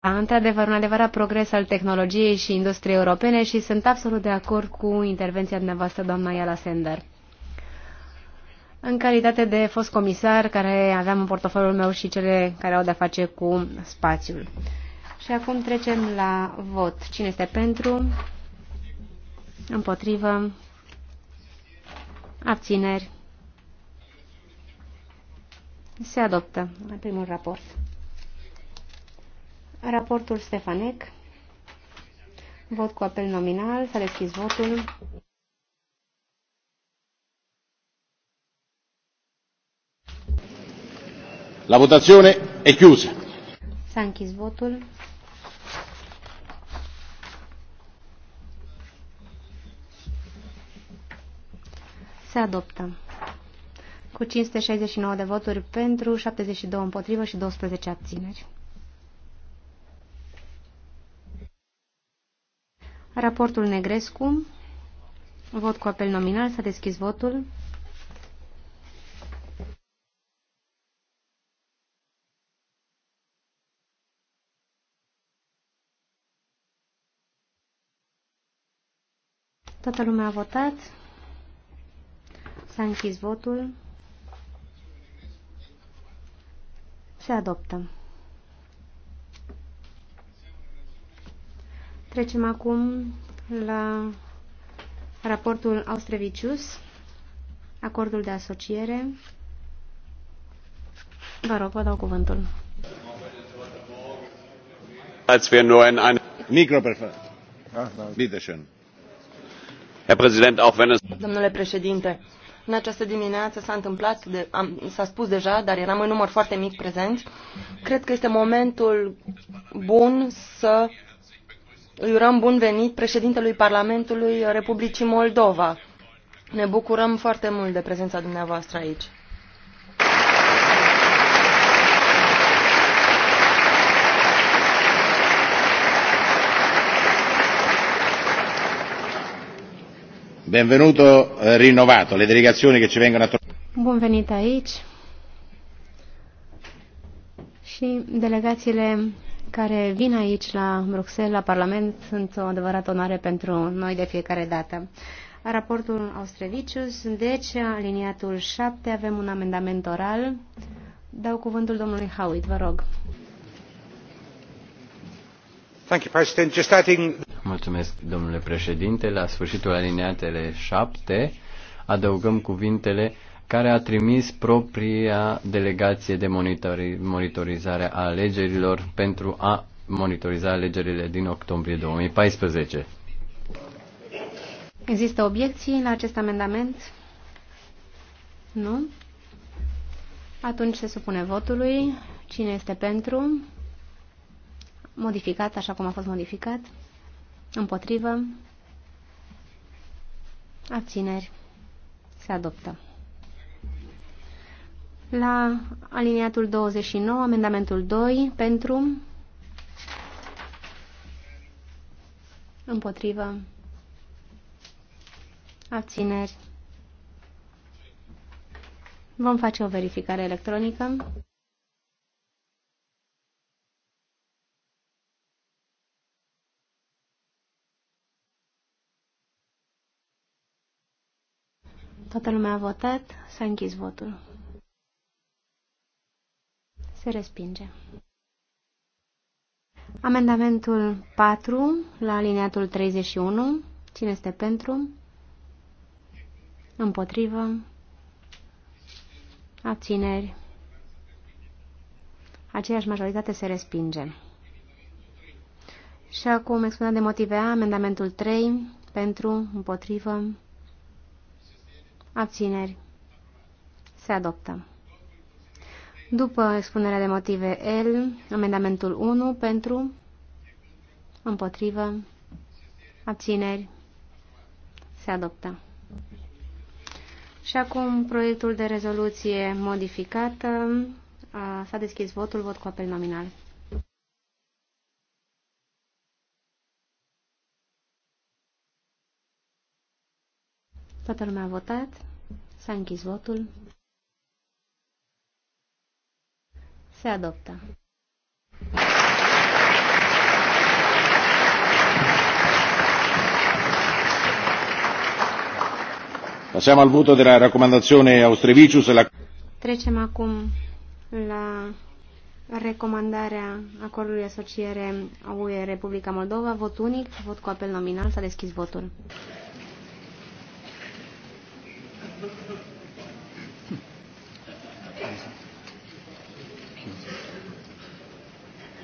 într-adevăr un adevărat progres al tehnologiei și industriei europene și sunt absolut de acord cu intervenția dumneavoastră, doamna Iala Sender. În calitate de fost comisar care aveam în portofoliul meu și cele care au de-a face cu spațiul. Și acum trecem la vot. Cine este pentru? Împotrivă? Abțineri? Se adoptă primul raport. Raportul Stefanec. Vot cu apel nominal. S-a deschis votul. La votazione è chiusa. S-a închis votul. Se adoptă. Cu 569 de voturi pentru, 72 împotrivă și 12 abțineri. Raportul Negrescu. Vot cu apel nominal. S-a deschis votul. Toată lumea a votat. S-a închis votul. Se adoptă. Trecem acum la raportul Austrevicius, acordul de asociere. Vă rog, vă dau cuvântul. Ah, da. Domnule președinte, în această dimineață s-a întâmplat, s-a spus deja, dar eram în număr foarte mic prezent. Cred că este momentul bun să îi urăm bun venit președintelui Parlamentului Republicii Moldova. Ne bucurăm foarte mult de prezența dumneavoastră aici. Benvenuto eh, rinnovato, le delegazioni che ci vengono a trovare. Bun venit aici și delegațiile care vin aici la Bruxelles, la Parlament, sunt o adevărată onoare pentru noi de fiecare dată. Raportul Austrevicius, deci aliniatul 7, avem un amendament oral. Dau cuvântul domnului Howitt, vă rog. Mulțumesc, domnule președinte. La sfârșitul alineatele 7 adăugăm cuvintele care a trimis propria delegație de monitorizare a alegerilor pentru a monitoriza alegerile din octombrie 2014. Există obiecții la acest amendament? Nu? Atunci se supune votului. Cine este pentru? Modificat, așa cum a fost modificat. Împotrivă. Abțineri. Se adoptă. La aliniatul 29, amendamentul 2, pentru, împotrivă, abțineri. Vom face o verificare electronică. Toată lumea a votat, s-a închis votul. Se respinge. Amendamentul 4 la alineatul 31. Cine este pentru? Împotrivă. Abțineri. Aceeași majoritate se respinge. Și acum expunat de motive A, amendamentul 3, pentru, împotrivă, abțineri. Se adoptă. După expunerea de motive L, amendamentul 1 pentru, împotrivă, abțineri, se adoptă. Și acum proiectul de rezoluție modificată. S-a deschis votul, vot cu apel nominal. Toată lumea a votat. S-a închis votul. Se adoptă. Passiamo al voto della raccomandazione Austrevicius. La... Trecem acum la recomandarea acordului asociere UE Republica Moldova. Vot unic, vot cu apel nominal. S-a deschis votul.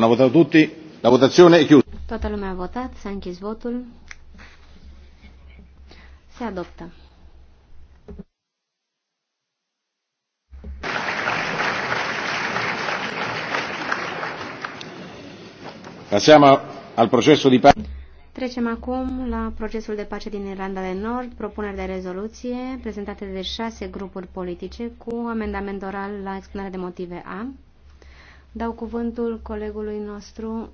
Hanno votato tutti? La votazione è chiusa. Toată lumea a votat, s-a închis votul. Se adoptă. Passiamo al processo di pace. Trecem acum la procesul de pace din Irlanda de Nord, propuneri de rezoluție prezentate de șase grupuri politice cu amendament oral la expunere de motive A. Dau cuvântul colegului nostru.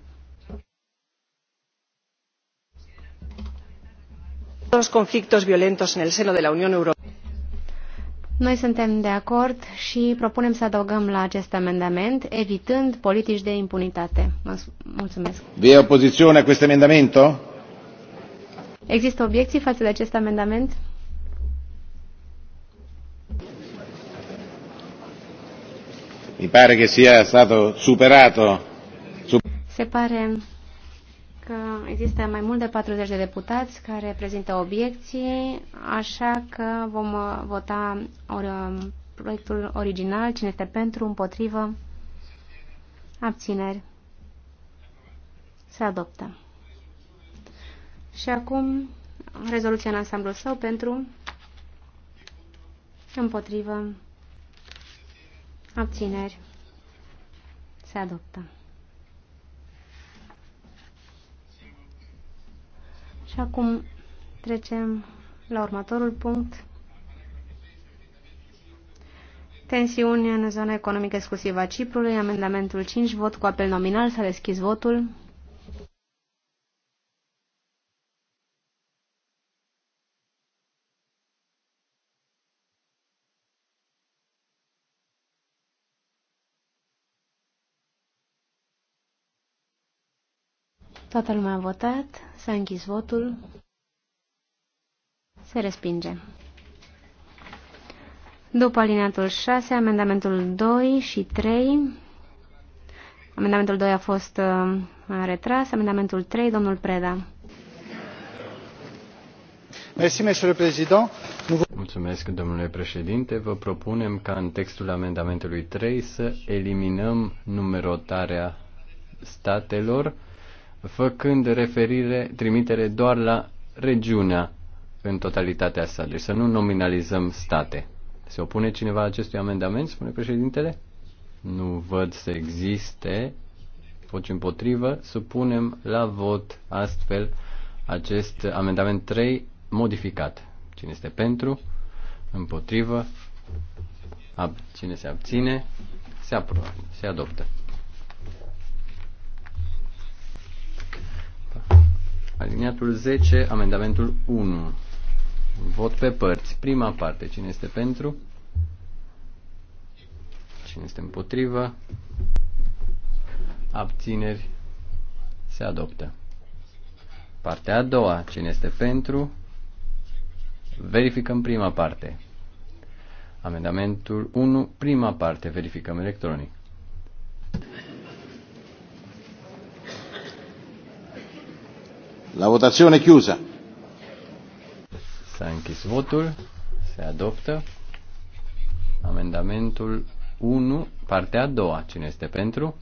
Los conflictos violentos en el seno de la Unión Europea. Noi suntem de acord și propunem să adăugăm la acest amendament, evitând politici de impunitate. Mulțumesc. Vi opoziție a acest amendament? Există obiecții față de acest amendament? Mi pare che sia stato superato. Se pare că există mai mult de 40 de deputați care prezintă obiecții, așa că vom uh, vota or, uh, proiectul original. Cine este pentru, împotrivă, abțineri. Se adoptă. Și acum rezoluția în ansamblul său pentru împotrivă Abțineri. Se adoptă. Și acum trecem la următorul punct. Tensiune în zona economică exclusivă a Ciprului, amendamentul 5, vot cu apel nominal, s-a deschis votul. Toată lumea a votat, s-a închis votul, se respinge. După alineatul 6, amendamentul 2 și 3, amendamentul 2 a fost uh, retras, amendamentul 3, domnul Preda. Mulțumesc, domnule președinte. Vă propunem ca în textul amendamentului 3 să eliminăm numerotarea statelor făcând referire, trimitere doar la regiunea în totalitatea sa, deci să nu nominalizăm state. Se opune cineva acestui amendament, spune președintele? Nu văd să existe voci împotrivă. Supunem la vot astfel acest amendament 3 modificat. Cine este pentru? Împotrivă? Ab. Cine se abține? Se, aprobă, se adoptă. Aliniatul 10, amendamentul 1. Vot pe părți. Prima parte. Cine este pentru? Cine este împotrivă? Abțineri. Se adoptă. Partea a doua. Cine este pentru? Verificăm prima parte. Amendamentul 1, prima parte. Verificăm electronic. La votazione chiusa. S-a închis votul. Se adoptă. Amendamentul 1, partea a doua. Cine este pentru?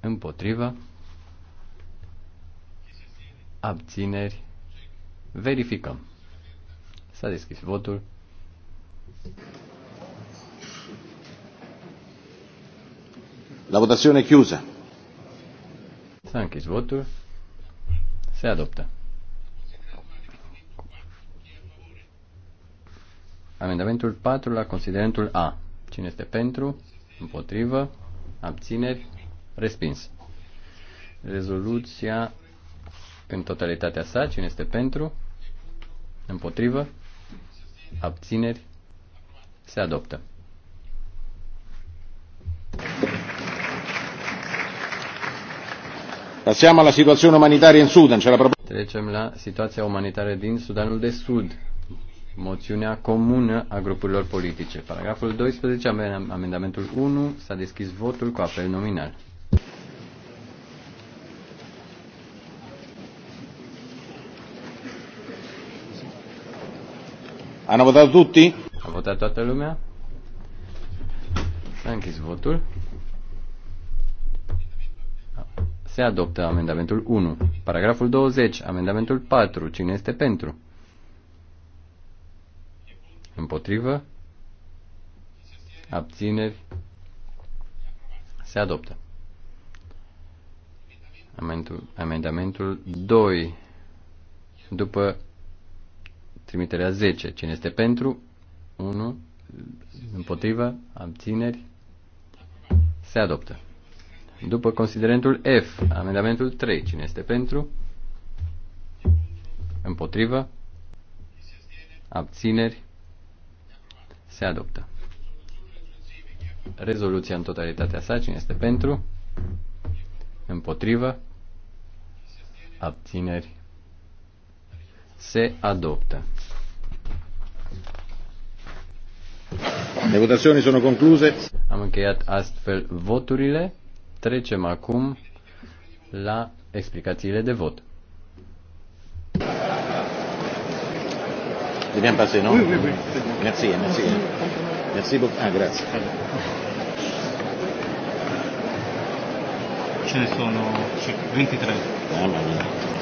Împotrivă. Abțineri. Verificăm. S-a deschis votul. La votazione chiusa. S-a închis votul. Se adoptă. Amendamentul 4 la considerentul A. Cine este pentru? Împotrivă? Abțineri? Respins. Rezoluția în totalitatea sa. Cine este pentru? Împotrivă? Abțineri? Se adoptă. Passiamo alla situazione umanitaria in Sudan. C'è la prob- Trecem la situația umanitară din Sudanul de Sud. Moțiunea comună a grupurilor politice. Paragraful 12, amendamentul 1, s-a deschis votul cu apel nominal. Hanno votat tutti? Ha votat toată lumea? S-a închis votul. Se adoptă amendamentul 1. Paragraful 20. Amendamentul 4. Cine este pentru? Împotrivă? Abțineri? Se adoptă. Amendamentul, amendamentul 2. După trimiterea 10. Cine este pentru? 1. Împotrivă? Abțineri? Se adoptă. După considerentul F, amendamentul 3, cine este pentru? Împotrivă? Abțineri? Se adoptă. Rezoluția în totalitatea sa, cine este pentru? Împotrivă? Abțineri? Se adoptă. Le votazioni sono concluse. Am încheiat astfel voturile. Trecem acum la explicațiile de vot. Bine passer, non? Oui, Mersi, mersi. Merci, merci. Merci beaucoup. Ah, grazie. Ce ne sono 23. Ah, mamma mia.